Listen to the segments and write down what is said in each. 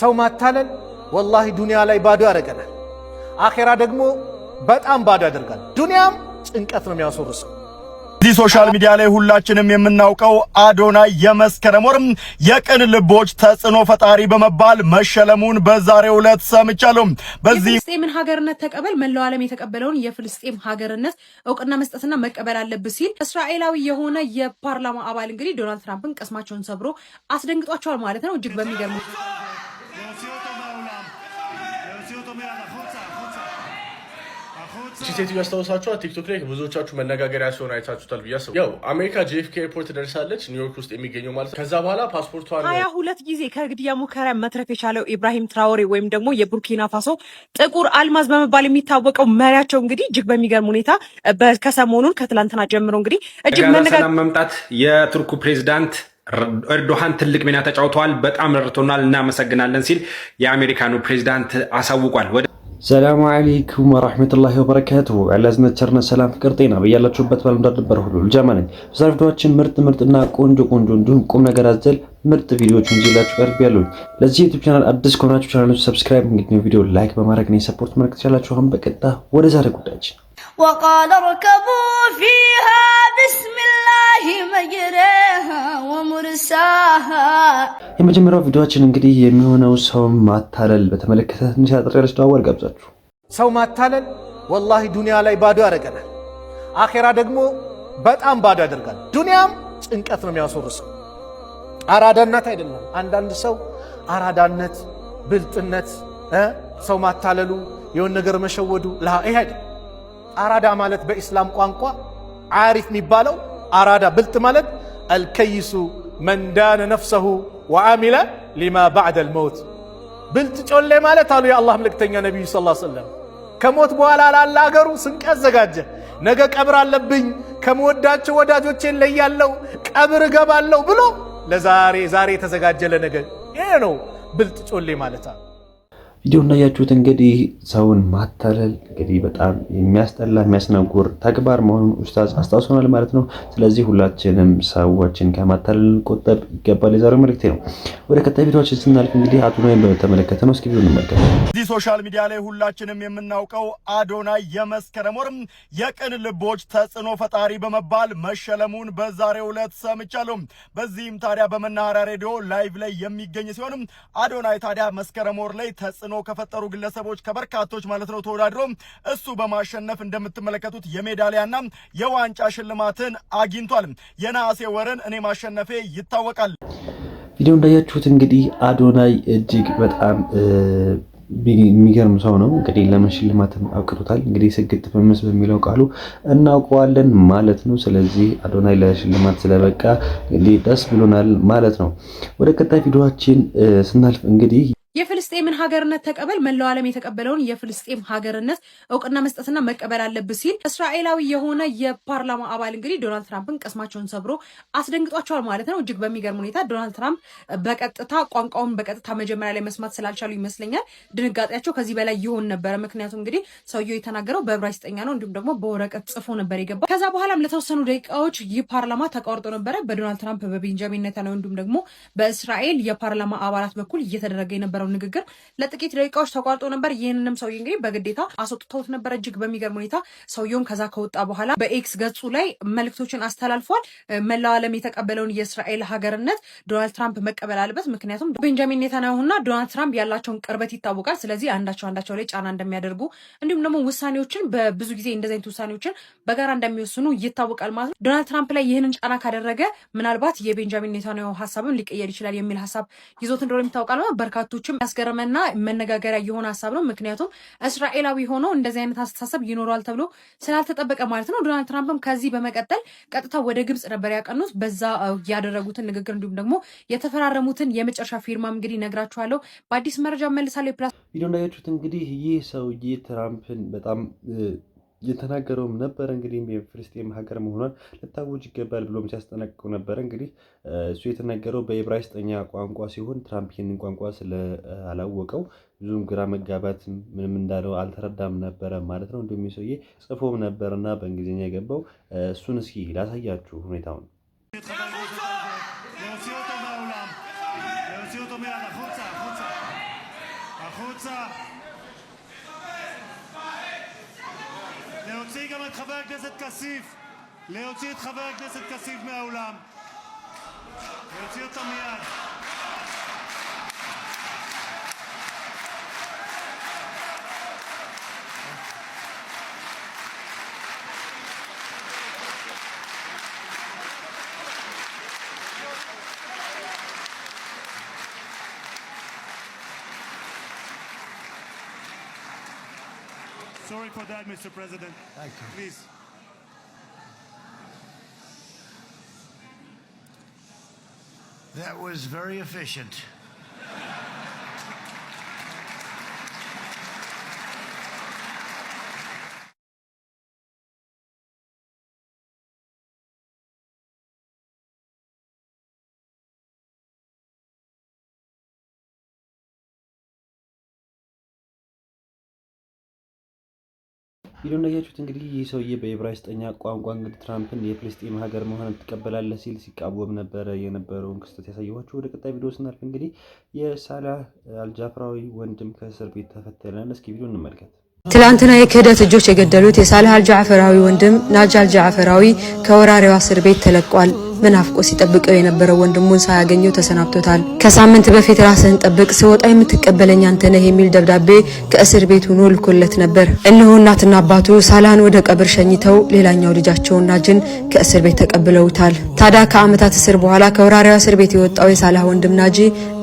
ሰው ማታለል ወላሂ ዱንያ ላይ ባዶ ያደርገናል። አኼራ ደግሞ በጣም ባዶ ያደርጋል። ዱንያም ጭንቀት ነው የሚያስወርሰው። እዚህ ሶሻል ሚዲያ ላይ ሁላችንም የምናውቀው አዶናይ የመስከረም ወር የቅን ልቦች ተጽዕኖ ፈጣሪ በመባል መሸለሙን በዛሬው ዕለት ሰምቻለሁ። በዚህ የፍልስጤምን ሀገርነት ተቀበል መላው ዓለም የተቀበለውን የፍልስጤም ሀገርነት እውቅና መስጠትና መቀበል አለብህ ሲል እስራኤላዊ የሆነ የፓርላማ አባል እንግዲህ ዶናልድ ትራምፕን ቅስማቸውን ሰብሮ አስደንግጧቸዋል ማለት ነው እጅግ በሚገርሙ እቺ ሴትዮ ያስታውሳችኋል? ቲክቶክ ላይ ብዙዎቻችሁ መነጋገሪያ ሲሆን አይታችሁታል ብዬ አስብ። ያው አሜሪካ ጄፍኬ ኤርፖርት ደርሳለች፣ ኒውዮርክ ውስጥ የሚገኘው ማለት ነው። ከዛ በኋላ ፓስፖርቷን ሀያ ሁለት ጊዜ ከግድያ ሙከራ መትረፍ የቻለው ኢብራሂም ትራወሬ ወይም ደግሞ የቡርኪና ፋሶ ጥቁር አልማዝ በመባል የሚታወቀው መሪያቸው እንግዲህ እጅግ በሚገርም ሁኔታ ከሰሞኑን ከትላንትና ጀምሮ እንግዲህ እጅግ መነጋገር መምጣት የቱርኩ ፕሬዚዳንት ኤርዶሃን ትልቅ ሚና ተጫውተዋል፣ በጣም ረድቶናል፣ እናመሰግናለን ሲል የአሜሪካኑ ፕሬዚዳንት አሳውቋል። ወደ ሰላሙ አለይኩም ወራህመቱላሂ ወበረካቱሁ። አላህ ዝነት ሰላም ፍቅር ጤና በያላችሁበት ባለም ዳር ድንበር ሁሉ ልጃማ ነኝ። በዛሬው ቪዲዮአችን ምርጥ ምርጥና ቆንጆ ቆንጆ እንዲሁም ቁም ነገር አዘል ምርጥ ቪዲዮዎች እንዲላችሁ ቀርብ ያለው ለዚህ ዩቲዩብ ቻናል አዲስ ከሆናችሁ ቻናሉን ሰብስክራይብ፣ እንግዲህ ቪዲዮ ላይክ በማድረግ ነው ሰፖርት መልእክት ያላችሁ። አሁን በቀጥታ ወደ ዛሬ ጉዳያችን وقال اركبوا فيها بسم الله مجريها ومرساها የመጀመሪያው ቪዲዮችን እንግዲህ የሚሆነው ሰው ማታለል በተመለከተ ትንሽ አጥሬ ልስተዋወል ጋብዛችሁ። ሰው ማታለል ወላሂ ዱንያ ላይ ባዶ ያደርገናል፣ አኼራ ደግሞ በጣም ባዶ ያደርጋል። ዱንያም ጭንቀት ነው የሚያስወርሰው። አራዳነት አይደለም። አንዳንድ ሰው አራዳነት፣ ብልጥነት፣ ሰው ማታለሉ፣ የሆን ነገር መሸወዱ ላ ይሄ አይደለም አራዳ ማለት በኢስላም ቋንቋ አሪፍ የሚባለው አራዳ ብልጥ ማለት አልከይሱ መንዳነ ነፍሰሁ ወአሚለ ሊማ ባዕደ ልመውት ብልጥ ጮሌ ማለት አሉ የአላህ መልእክተኛ ነቢዩ ሰለላሁ ዐለይሂ ወሰለም ከሞት በኋላ ላለ አገሩ ስንቅ ያዘጋጀ ነገ ቀብር አለብኝ ከምወዳቸው ወዳጆቼን ለያለው ቀብር እገባለሁ ብሎ ለዛሬ ዛሬ የተዘጋጀ ለነገ ይሄ ነው ብልጥ ጮሌ ማለት አሉ። ቪዲዮ እንዳያችሁት እንግዲህ ሰውን ማታለል እንግዲህ በጣም የሚያስጠላ የሚያስነጉር ተግባር መሆኑን ኡስታዝ አስታውሶናል ማለት ነው። ስለዚህ ሁላችንም ሰዎችን ከማታለል ቆጠብ ይገባል የዛሬው መልእክቴ ነው። ወደ ቀጣይ ቪዲዮችን ስናልፍ እንግዲህ አዶናይን በተመለከተ ነው። እስኪ ቪዲዮ እንመልከት። እዚህ ሶሻል ሚዲያ ላይ ሁላችንም የምናውቀው አዶናይ የመስከረም ወርም የቅን ልቦች ተጽዕኖ ፈጣሪ በመባል መሸለሙን በዛሬው ዕለት ሰምቻለሁ። በዚህም ታዲያ በመናኸሪያ ሬዲዮ ላይቭ ላይ የሚገኝ ሲሆንም አዶናይ ታዲያ መስከረም ወር ላይ ተጽዕኖ ተጽዕኖ ከፈጠሩ ግለሰቦች ከበርካቶች ማለት ነው ተወዳድሮ እሱ በማሸነፍ እንደምትመለከቱት የሜዳሊያና የዋንጫ ሽልማትን አግኝቷል። የነሐሴ ወርን እኔ ማሸነፌ ይታወቃል። ቪዲዮ እንዳያችሁት እንግዲህ አዶናይ እጅግ በጣም የሚገርም ሰው ነው። እንግዲህ ለምን ሽልማትም አብቅቶታል። እንግዲህ ስግጥ ፍምስ በሚለው ቃሉ እናውቀዋለን ማለት ነው። ስለዚህ አዶናይ ለሽልማት ስለበቃ እንግዲህ ደስ ብሎናል ማለት ነው። ወደ ቀጣይ ቪዲዮችን ስናልፍ እንግዲህ የፍልስጤምን ሀገርነት ተቀበል፣ መላው ዓለም የተቀበለውን የፍልስጤም ሀገርነት እውቅና መስጠትና መቀበል አለብህ ሲል እስራኤላዊ የሆነ የፓርላማ አባል እንግዲህ ዶናልድ ትራምፕን ቅስማቸውን ሰብሮ አስደንግጧቸዋል ማለት ነው። እጅግ በሚገርም ሁኔታ ዶናልድ ትራምፕ በቀጥታ ቋንቋውን በቀጥታ መጀመሪያ ላይ መስማት ስላልቻሉ ይመስለኛል ድንጋጤያቸው ከዚህ በላይ ይሆን ነበረ። ምክንያቱም እንግዲህ ሰውየው የተናገረው በዕብራይስጥኛ ነው፣ እንዲሁም ደግሞ በወረቀት ጽፎ ነበር የገባው። ከዛ በኋላም ለተወሰኑ ደቂቃዎች ይህ ፓርላማ ተቋርጦ ነበረ በዶናልድ ትራምፕ በቤንጃሚን ኔታንያሁ እንዲሁም ደግሞ በእስራኤል የፓርላማ አባላት በኩል እየተደረገ የነበረው የነበረው ንግግር ለጥቂት ደቂቃዎች ተቋርጦ ነበር። ይህንንም ሰውዬ እንግዲህ በግዴታ አስወጥተውት ነበር። እጅግ በሚገርም ሁኔታ ሰውየውም ከዛ ከወጣ በኋላ በኤክስ ገጹ ላይ መልክቶችን አስተላልፏል። መላው ዓለም የተቀበለውን የእስራኤል ሀገርነት ዶናልድ ትራምፕ መቀበል አለበት። ምክንያቱም ቤንጃሚን ኔታንያሁና ዶናልድ ትራምፕ ያላቸውን ቅርበት ይታወቃል። ስለዚህ አንዳቸው አንዳቸው ላይ ጫና እንደሚያደርጉ እንዲሁም ደግሞ ውሳኔዎችን በብዙ ጊዜ እንደዚህ አይነት ውሳኔዎችን በጋራ እንደሚወስኑ ይታወቃል ማለት ነው። ዶናልድ ትራምፕ ላይ ይህንን ጫና ካደረገ ምናልባት የቤንጃሚን ኔታንያሁ ሀሳብም ሊቀየር ይችላል የሚል ሀሳብ ይዞት እንደሆነ የሚታወቃል። በርካቶችም ያስገረመና መነጋገሪያ የሆነ ሀሳብ ነው። ምክንያቱም እስራኤላዊ ሆኖ እንደዚህ አይነት አስተሳሰብ ይኖረዋል ተብሎ ስላልተጠበቀ ማለት ነው። ዶናልድ ትራምፕም ከዚህ በመቀጠል ቀጥታ ወደ ግብፅ ነበር ያቀኑት። በዛ ያደረጉትን ንግግር እንዲሁም ደግሞ የተፈራረሙትን የመጨረሻ ፊርማ እንግዲህ ነግራችኋለሁ። በአዲስ መረጃ መልሳለሁ። ፕላስ ቪዲዮ እንዳያችሁት እንግዲህ ይህ ሰውዬ ትራምፕን በጣም እየተናገረውም ነበረ። እንግዲህ የፍልስጤም ሀገር መሆኗን ልታወጅ ይገባል ብሎም ሲያስጠነቅቀው ነበረ። እንግዲህ እሱ የተናገረው በዕብራይስጥኛ ቋንቋ ሲሆን ትራምፕ ይህንን ቋንቋ ስለአላወቀው ብዙም ግራ መጋባት ምንም እንዳለው አልተረዳም ነበረ ማለት ነው። እንዲሁም ሰውዬ ጽፎም ነበርና በእንግሊዝኛ የገባው እሱን እስኪ ላሳያችሁ ሁኔታውን להוציא את חבר הכנסת כסיף מהאולם, להוציא אותו מיד. Sorry for that, Mr. President. Thank you. Please. That was very efficient. ቪዲዮ እንዳያችሁት እንግዲህ ይህ ሰውዬ በዕብራይስጥኛ ቋንቋ እንግዲህ ትራምፕን የፍልስጤም ሀገር መሆን ትቀበላለህ ሲል ሲቃወም ነበረ የነበረውን ክስተት ያሳየኋችሁ። ወደ ቀጣይ ቪዲዮ ስናልፍ እንግዲህ የሳላህ አልጃፍራዊ ወንድም ከእስር ቤት ተፈተናል። እስኪ ቪዲዮ እንመልከት። ትላንትና የክህደት እጆች የገደሉት የሳልህ አልጃዕፈራዊ ወንድም ናጅ አልጃዕፈራዊ ከወራሪዋ እስር ቤት ተለቋል። በናፍቆ ሲጠብቀው የነበረው ወንድሙን ሳያገኘው ተሰናብቶታል። ከሳምንት በፊት ራስህን ጠብቅ፣ ስወጣ የምትቀበለኝ አንተ ነህ የሚል ደብዳቤ ከእስር ቤት ሆኖ ልኮለት ነበር። እነሆ እናትና አባቱ ሳላን ወደ ቀብር ሸኝተው ሌላኛው ልጃቸው ናጅን ከእስር ቤት ተቀብለውታል። ታዲያ ከዓመታት እስር በኋላ ከወራሪያ እስር ቤት የወጣው የሳላህ ወንድም ናጂ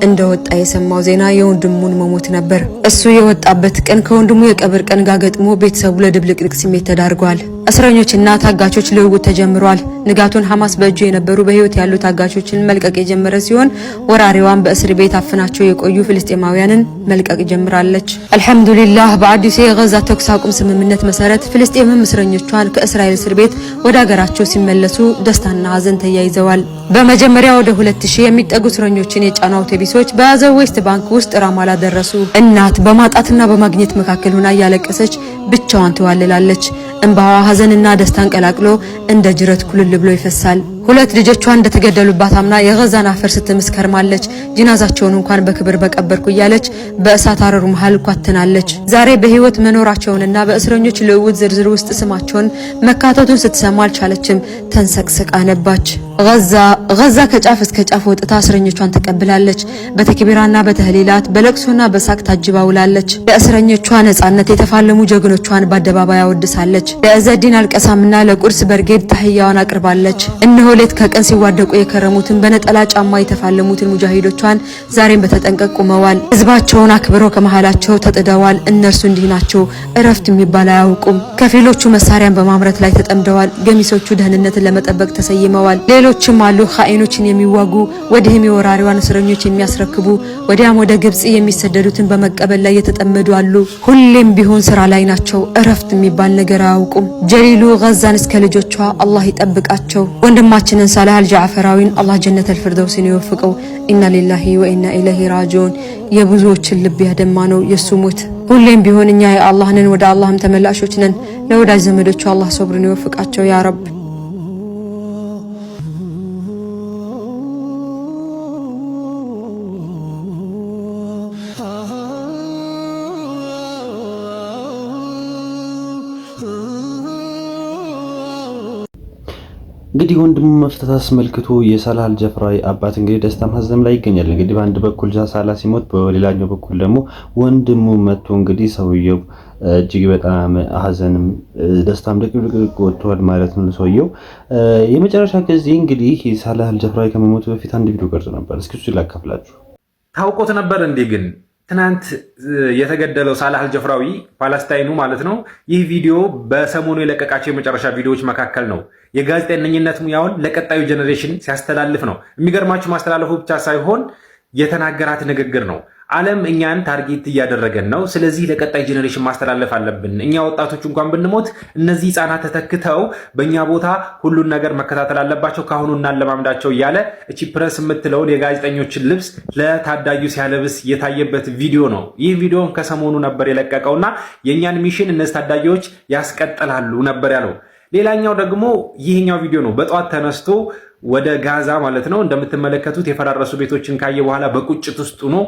እንደወጣ የሰማው ዜና የወንድሙን መሞት ነበር። እሱ የወጣበት ቀን ከወንድሙ የቀብር ቀን ጋር ገጥሞ ቤተሰቡ ለድብልቅልቅ ስሜት ተዳርጓል። እስረኞችና ታጋቾች ልውውጥ ተጀምሯል። ንጋቱን ሐማስ በእጁ የነበሩ በህይወት ያሉ ታጋቾችን መልቀቅ የጀመረ ሲሆን ወራሪዋን በእስር ቤት አፍናቸው የቆዩ ፍልስጤማውያንን መልቀቅ ጀምራለች። አልሐምዱሊላህ በአዲሱ የጋዛ ተኩስ አቁም ስምምነት መሰረት ፍልስጤምም እስረኞቿን ከእስራኤል እስር ቤት ወደ አገራቸው ሲመለሱ ደስታና ሀዘን ተያይዘዋል። በመጀመሪያ ወደ 2000 ሺህ የሚጠጉ እስረኞችን የጫነው አውቶቡስ ኤምባሲዎች በያዘው ዌስት ባንክ ውስጥ ራማላ ደረሱ። እናት በማጣትና በማግኘት መካከል ሆና እያለቀሰች ብቻዋን ትዋልላለች። እንባዋ ሀዘንና ደስታን ቀላቅሎ እንደ ጅረት ኩልል ብሎ ይፈሳል። ሁለት ልጆቿ እንደተገደሉባት አምና የገዛን አፈር ስትመስከርማለች ከርማለች። ጅናዛቸውን እንኳን በክብር በቀበርኩ እያለች በእሳት አረሩ መሃል ኳትናለች። ዛሬ በህይወት መኖራቸውንና በእስረኞች ልውውጥ ዝርዝር ውስጥ ስማቸውን መካተቱን ስትሰማ አልቻለችም። ተንሰቅስቃ ነባች። ገዛ ገዛ ከጫፍ እስከ ጫፍ ወጥታ እስረኞቿን ተቀብላለች። በተክቢራና በተህሊላት በለቅሶና በሳቅ ታጅባ ውላለች። ለእስረኞቿ ነጻነት የተፋለሙ ጀግኖቿን በአደባባይ አወድሳለች። ለእዘዲን አልቀሳምና ለቁርስ በርጌድ ታህያዋን አቅርባለች። እነሆ ሌት ከቀን ሲዋደቁ የከረሙትን በነጠላ ጫማ የተፋለሙትን ሙጃሂዶቿን ዛሬም በተጠንቀቅ ቆመዋል። ህዝባቸውን አክብረው ከመሃላቸው ተጥደዋል። እነርሱ እንዲህ ናቸው፣ እረፍት የሚባል አያውቁም። ከፊሎቹ መሳሪያን በማምረት ላይ ተጠምደዋል። ገሚሶቹ ደህንነትን ለመጠበቅ ተሰይመዋል። ሌሎችም አሉ፣ ኃይኖችን የሚዋጉ ወዲህም የወራሪዋን እስረኞች የሚያስረክቡ ወዲያም ወደ ግብጽ የሚሰደዱትን በመቀበል ላይ የተጠመዱ አሉ። ሁሌም ቢሆን ስራ ላይ ናቸው። እረፍት የሚባል ነገር አያውቁም። ጀሊሉ ጋዛን እስከ ልጆቿ አላህ ይጠብቃቸው ወንድማ ወንድማችንን ሳላህ አልጃዕፈራዊን አላህ ጀነተል ፊርደውስን ይወፍቀው። ኢና ሊላሂ ወኢና ኢለይሂ ራጂዑን። የብዙዎችን ልብ ያደማ ነው የሱ ሞት። ሁሌም ቢሆን እኛ የአላህ ነን፣ ወደ አላህም ተመላሾች ነን። ለወዳጅ ዘመዶቹ አላህ ሶብርን ይወፍቃቸው ያ ረብ። እንግዲህ ወንድሙ መፍታት አስመልክቶ የሰላል አልጀፍራዊ አባት እንግዲህ ደስታም ሀዘንም ላይ ይገኛል። እንግዲህ በአንድ በኩል ሳላህ ሲሞት፣ በሌላኛው በኩል ደግሞ ወንድሙ መጥቶ እንግዲህ ሰውየው እጅግ በጣም ሀዘንም ደስታም ድቅድቅ ወጥተዋል ማለት ነው። ሰውየው የመጨረሻ ጊዜ እንግዲህ ሳላህ አልጀፍራዊ ከመሞቱ በፊት አንድ ቪዲዮ ቀርጾ ነበር። እስኪ እሱ ላካፍላችሁ። ታውቆት ነበር እንዲህ ግን ትናንት የተገደለው ሳላህ አልጀፍራዊ ፓለስታይኑ ማለት ነው። ይህ ቪዲዮ በሰሞኑ የለቀቃቸው የመጨረሻ ቪዲዮዎች መካከል ነው። የጋዜጠኝነት ሙያውን ለቀጣዩ ጀኔሬሽን ሲያስተላልፍ ነው። የሚገርማችሁ ማስተላለፉ ብቻ ሳይሆን የተናገራት ንግግር ነው። ዓለም እኛን ታርጌት እያደረገን ነው። ስለዚህ ለቀጣይ ጄኔሬሽን ማስተላለፍ አለብን። እኛ ወጣቶች እንኳን ብንሞት እነዚህ ህፃናት ተተክተው በእኛ ቦታ ሁሉን ነገር መከታተል አለባቸው፣ ከአሁኑ እናለማምዳቸው እያለ እቺ ፕረስ የምትለውን የጋዜጠኞችን ልብስ ለታዳጊው ሲያለብስ የታየበት ቪዲዮ ነው። ይህ ቪዲዮን ከሰሞኑ ነበር የለቀቀውና የእኛን ሚሽን እነዚህ ታዳጊዎች ያስቀጥላሉ ነበር ያለው። ሌላኛው ደግሞ ይህኛው ቪዲዮ ነው። በጠዋት ተነስቶ ወደ ጋዛ ማለት ነው እንደምትመለከቱት የፈራረሱ ቤቶችን ካየ በኋላ በቁጭት ውስጥ ነው።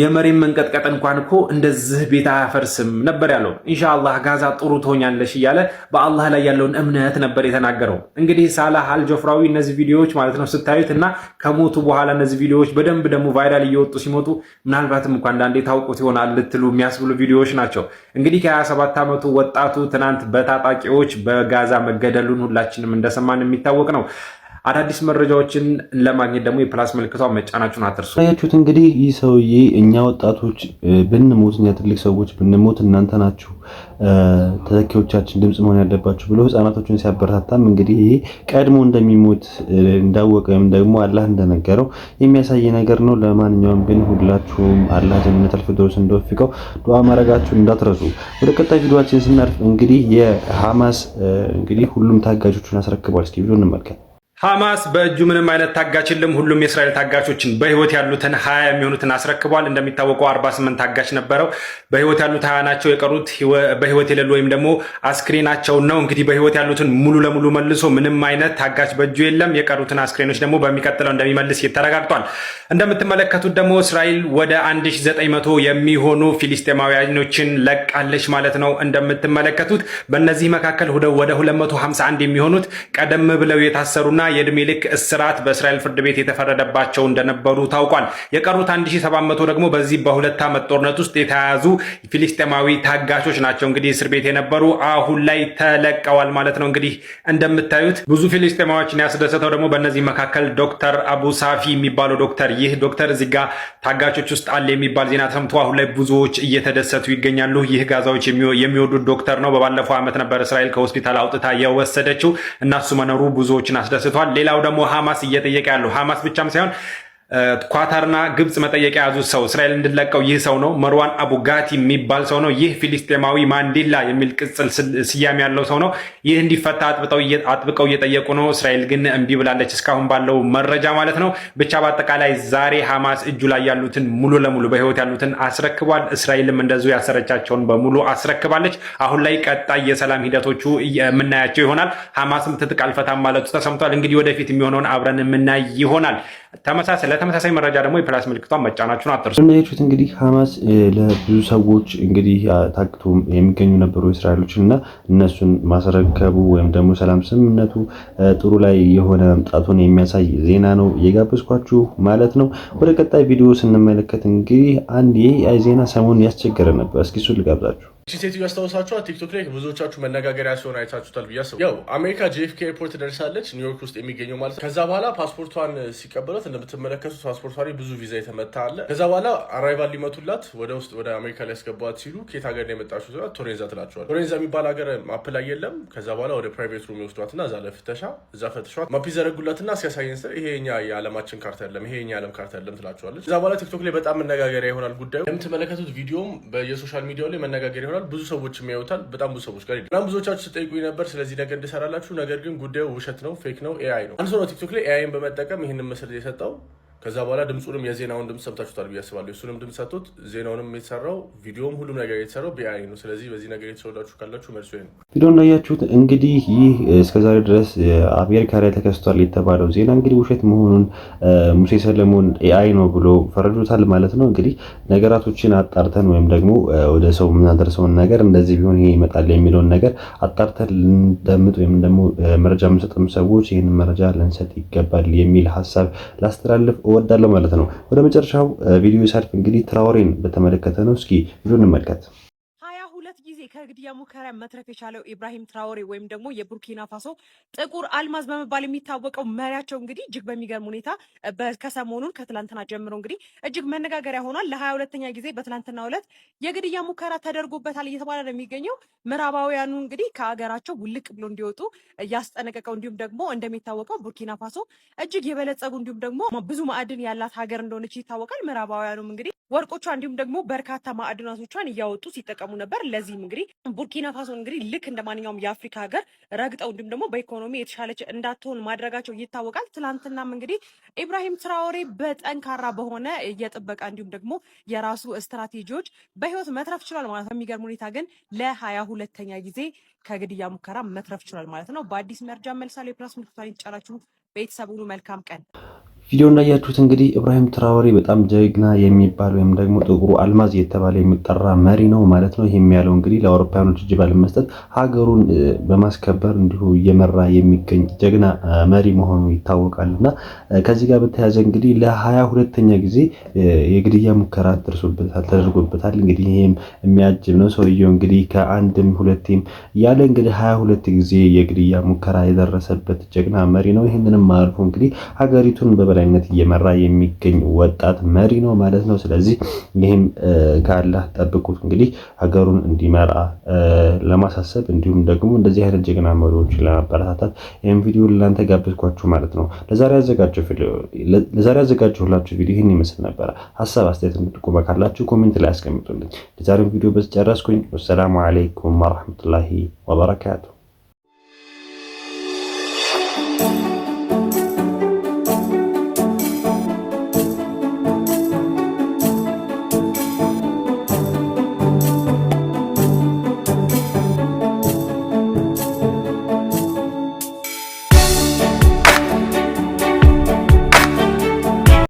የመሬን መንቀጥቀጥ እንኳን እኮ እንደዚህ ቤት አያፈርስም ነበር ያለው። ኢንሻአላህ ጋዛ ጥሩ ትሆኛለሽ እያለ በአላህ ላይ ያለውን እምነት ነበር የተናገረው። እንግዲህ ሳላህ አልጆፍራዊ እነዚህ ቪዲዮዎች ማለት ነው ስታዩት እና ከሞቱ በኋላ እነዚህ ቪዲዮዎች በደንብ ደግሞ ቫይራል እየወጡ ሲመጡ ምናልባትም እንኳ አንዳንዴ ታውቁት ይሆናል ልትሉ የሚያስብሉ ቪዲዮዎች ናቸው። እንግዲህ ከ27 ዓመቱ ወጣቱ ትናንት በታጣቂዎች በጋዛ መገደሉን ሁላችንም እንደሰማን የሚታወቅ ነው። አዳዲስ መረጃዎችን ለማግኘት ደግሞ የፕላስ ምልክቷ መጫናችሁን አትርሱ። ያችሁት እንግዲህ ይህ ሰውዬ እኛ ወጣቶች ብንሞት፣ እኛ ትልቅ ሰዎች ብንሞት እናንተ ናችሁ ተተኪዎቻችን ድምፅ መሆን ያለባችሁ ብሎ ህፃናቶችን ሲያበረታታም እንግዲህ ይሄ ቀድሞ እንደሚሞት እንዳወቀ ወይም ደግሞ አላህ እንደነገረው የሚያሳይ ነገር ነው። ለማንኛውም ግን ሁላችሁም አላህ ጀነት አልፊርደውስ እንደወፍቀው ዱዓ ማድረጋችሁ እንዳትረሱ። ወደ ቀጣይ ቪዲዮችን ስናልፍ እንግዲህ የሐማስ እንግዲህ ሁሉም ታጋጆቹን አስረክቧል። እስኪ ቪዲዮ እንመልከት። ሐማስ በእጁ ምንም አይነት ታጋች የለም። ሁሉም የእስራኤል ታጋቾችን በህይወት ያሉትን ሀያ የሚሆኑትን አስረክቧል። እንደሚታወቀው አርባ ስምንት ታጋች ነበረው። በህይወት ያሉት ሀያ ናቸው። የቀሩት በህይወት የሌሉ ወይም ደግሞ አስክሬናቸውን ነው። እንግዲህ በህይወት ያሉትን ሙሉ ለሙሉ መልሶ ምንም አይነት ታጋች በእጁ የለም። የቀሩትን አስክሬኖች ደግሞ በሚቀጥለው እንደሚመልስ ተረጋግጧል። እንደምትመለከቱት ደግሞ እስራኤል ወደ አንድ ሺ ዘጠኝ መቶ የሚሆኑ ፊሊስጤማውያኖችን ለቃለች ማለት ነው። እንደምትመለከቱት በእነዚህ መካከል ወደ ሁለት መቶ ሀምሳ አንድ የሚሆኑት ቀደም ብለው የታሰሩና የዕድሜ ልክ እስራት በእስራኤል ፍርድ ቤት የተፈረደባቸው እንደነበሩ ታውቋል። የቀሩት 1700 ደግሞ በዚህ በሁለት ዓመት ጦርነት ውስጥ የተያዙ ፊሊስጤማዊ ታጋቾች ናቸው እንግዲህ እስር ቤት የነበሩ አሁን ላይ ተለቀዋል ማለት ነው። እንግዲህ እንደምታዩት ብዙ ፊሊስጤማዎችን ያስደሰተው ደግሞ በእነዚህ መካከል ዶክተር አቡ ሳፊ የሚባለው ዶክተር ይህ ዶክተር እዚህ ጋ ታጋቾች ውስጥ አለ የሚባል ዜና ተሰምቶ አሁን ላይ ብዙዎች እየተደሰቱ ይገኛሉ። ይህ ጋዛዎች የሚወዱት ዶክተር ነው። በባለፈው ዓመት ነበር እስራኤል ከሆስፒታል አውጥታ የወሰደችው እናሱ መኖሩ ብዙዎችን አስደስቶ አንስቷል። ሌላው ደግሞ ሀማስ እየጠየቀ ያለው ሀማስ ብቻም ሳይሆን ኳታርና ግብፅ መጠየቂያ የያዙ ሰው እስራኤል እንድለቀው ይህ ሰው ነው። መርዋን አቡጋቲ የሚባል ሰው ነው። ይህ ፊሊስጤማዊ ማንዴላ የሚል ቅጽል ስያሜ ያለው ሰው ነው። ይህ እንዲፈታ አጥብቀው እየጠየቁ ነው። እስራኤል ግን እምቢ ብላለች፣ እስካሁን ባለው መረጃ ማለት ነው። ብቻ በአጠቃላይ ዛሬ ሐማስ እጁ ላይ ያሉትን ሙሉ ለሙሉ በህይወት ያሉትን አስረክቧል። እስራኤልም እንደዚሁ ያሰረቻቸውን በሙሉ አስረክባለች። አሁን ላይ ቀጣይ የሰላም ሂደቶቹ የምናያቸው ይሆናል። ሐማስም ትጥቅ አልፈታም ማለቱ ተሰምቷል። እንግዲህ ወደፊት የሚሆነውን አብረን የምናይ ይሆናል። ለተመሳሳይ መረጃ ደግሞ የፕላስ ምልክቷን መጫናችሁን አትርሱ። እናያችሁት እንግዲህ ሀማስ ለብዙ ሰዎች እንግዲህ ታግቶ የሚገኙ ነበሩ እስራኤሎችን እና እነሱን ማስረከቡ ወይም ደግሞ ሰላም ስምምነቱ ጥሩ ላይ የሆነ መምጣቱን የሚያሳይ ዜና ነው እየጋበዝኳችሁ ማለት ነው። ወደ ቀጣይ ቪዲዮ ስንመለከት እንግዲህ አንድ ይህ ዜና ሰሞኑን ያስቸገረ ነበር። እስኪ እሱን ልጋብዛችሁ። እቺ ሴትዮ ያስታውሳችኋል? ቲክቶክ ላይ ብዙዎቻችሁ መነጋገሪያ ሲሆን አይታችሁታል ብዬ አስባለሁ። ያው አሜሪካ ጄፍኬ ኤርፖርት ደርሳለች፣ ኒውዮርክ ውስጥ የሚገኘው ማለት ከዛ በኋላ ፓስፖርቷን ሲቀበሏት እንደምትመለከቱት ፓስፖርቷ ላይ ብዙ ቪዛ የተመታ አለ። ከዛ በኋላ አራይቫል ሊመቱላት ወደ ውስጥ ወደ አሜሪካ ላይ ያስገቧት ሲሉ ኬት ሀገር ነው የመጣችሁ ሲሏት ቶሬንዛ ትላቸዋል። ቶሬንዛ የሚባል ሀገር ማፕ ላይ የለም። ከዛ በኋላ ወደ ፕራይቬት ሩም ይወስዷትና እዛ ለፍተሻ እዛ ፈትሿት ማፕ ይዘረጉላትና ሲያሳየን ስር ይሄ የኛ የዓለማችን ካርታ አይደለም፣ ይሄ የኛ የዓለም ካርታ አይደለም ትላቸዋለች። ከዛ በኋላ ቲክቶክ ላይ በጣም መነጋገሪያ ይሆናል ጉዳዩ። የምትመለከቱት ቪዲዮም በየሶሻል ሚዲያ ላይ መነጋገሪያ ይጀምራል። ብዙ ሰዎች የሚያዩታል። በጣም ብዙ ሰዎች ጋር ይደርሳል። ብዙዎቻችሁ ስጠይቁኝ ነበር ስለዚህ ነገር እንድሰራላችሁ። ነገር ግን ጉዳዩ ውሸት ነው፣ ፌክ ነው፣ ኤአይ ነው። አንድ ሰው ነው ቲክቶክ ላይ ኤአይን በመጠቀም ይህንን ምስል የሰጠው ከዛ በኋላ ድምፁንም የዜናውን ድምፅ ሰምታችሁታል ብዬ አስባለሁ። እሱንም ድምፅ ሰጡት። ዜናውንም የተሰራው ቪዲዮም፣ ሁሉም ነገር የተሰራው ቢአይ ነው። ስለዚህ በዚህ ነገር የተሰወዳችሁ ካላችሁ መልሶ ነው። ቪዲዮ እንዳያችሁት እንግዲህ ይህ እስከዛሬ ድረስ አሜሪካ ላይ ተከስቷል የተባለው ዜና እንግዲህ ውሸት መሆኑን ሙሴ ሰለሞን ኤአይ ነው ብሎ ፈረዶታል ማለት ነው። እንግዲህ ነገራቶችን አጣርተን ወይም ደግሞ ወደ ሰው የምናደርሰውን ነገር እንደዚህ ቢሆን ይሄ ይመጣል የሚለውን ነገር አጣርተን ልንደምጥ ወይም ደግሞ መረጃ የምንሰጥም ሰዎች ይህን መረጃ ልንሰጥ ይገባል የሚል ሀሳብ ላስተላልፍ እወዳለሁ ማለት ነው። ወደ መጨረሻው ቪዲዮ ሳልፍ እንግዲህ ትራውሬን በተመለከተ ነው። እስኪ ቪዲዮ እንመልከት። ከግድያ ሙከራ መትረፍ የቻለው ኢብራሂም ትራወሬ ወይም ደግሞ የቡርኪና ፋሶ ጥቁር አልማዝ በመባል የሚታወቀው መሪያቸው እንግዲህ እጅግ በሚገርም ሁኔታ ከሰሞኑን ከትላንትና ጀምሮ እንግዲህ እጅግ መነጋገሪያ ሆኗል። ለሀያ ሁለተኛ ጊዜ በትላንትና ዕለት የግድያ ሙከራ ተደርጎበታል እየተባለ ነው የሚገኘው። ምዕራባውያኑ እንግዲህ ከሀገራቸው ውልቅ ብሎ እንዲወጡ እያስጠነቀቀው እንዲሁም ደግሞ እንደሚታወቀው ቡርኪና ፋሶ እጅግ የበለጸጉ እንዲሁም ደግሞ ብዙ ማዕድን ያላት ሀገር እንደሆነች ይታወቃል። ምዕራባውያኑም እንግዲህ ወርቆቿ እንዲሁም ደግሞ በርካታ ማዕድናቶቿን እያወጡ ሲጠቀሙ ነበር። ለዚህም እንግዲህ ቡርኪና ፋሶን እንግዲህ ልክ እንደ ማንኛውም የአፍሪካ ሀገር ረግጠው እንዲሁም ደግሞ በኢኮኖሚ የተሻለች እንዳትሆን ማድረጋቸው ይታወቃል። ትላንትናም እንግዲህ ኢብራሂም ትራዎሬ በጠንካራ በሆነ የጥበቃ እንዲሁም ደግሞ የራሱ ስትራቴጂዎች በህይወት መትረፍ ችሏል ማለት ነው። የሚገርም ሁኔታ ግን ለሀያ ሁለተኛ ጊዜ ከግድያ ሙከራ መትረፍ ችሏል ማለት ነው። በአዲስ መረጃ መልሳሌ የፕላስ ምልክቷን ይጫላችሁ ቤተሰብ ሁሉ መልካም ቀን ቪዲዮ እንዳያችሁት እንግዲህ ኢብራሂም ትራወሬ በጣም ጀግና የሚባል ወይም ደግሞ ጥቁሩ አልማዝ እየተባለ የሚጠራ መሪ ነው ማለት ነው። ይህም ያለው እንግዲህ ለአውሮፓውያኖች እጅ ባለመስጠት ሀገሩን በማስከበር እንዲሁ እየመራ የሚገኝ ጀግና መሪ መሆኑ ይታወቃል እና ከዚህ ጋር በተያያዘ እንግዲህ ለሀያ ሁለተኛ ጊዜ የግድያ ሙከራ ተደርጎበታል። እንግዲህ ይህም የሚያጅብ ነው። ሰውየው እንግዲህ ከአንድም ሁለቴም ያለ እንግዲህ ሀያ ሁለት ጊዜ የግድያ ሙከራ የደረሰበት ጀግና መሪ ነው። ይህንንም አልፎ እንግዲህ ሀገሪቱን በበላይነት እየመራ የሚገኝ ወጣት መሪ ነው ማለት ነው። ስለዚህ ይህም ከአላህ ጠብቁት እንግዲህ ሀገሩን እንዲመራ ለማሳሰብ እንዲሁም ደግሞ እንደዚህ አይነት ጀግና መሪዎች ለማበረታታት ይህም ቪዲዮ ለእናንተ ጋብዝኳችሁ ማለት ነው። ለዛሬ ያዘጋጀሁላችሁ ቪዲዮ ይህን ይመስል ነበረ። ሀሳብ አስተያየት፣ ጥቆማ ካላችሁ ኮሜንት ላይ አስቀምጡልኝ። የዛሬውን ቪዲዮ በስጨረስኩኝ፣ ወሰላሙ አለይኩም ወረሕመቱላሂ ወበረካቱ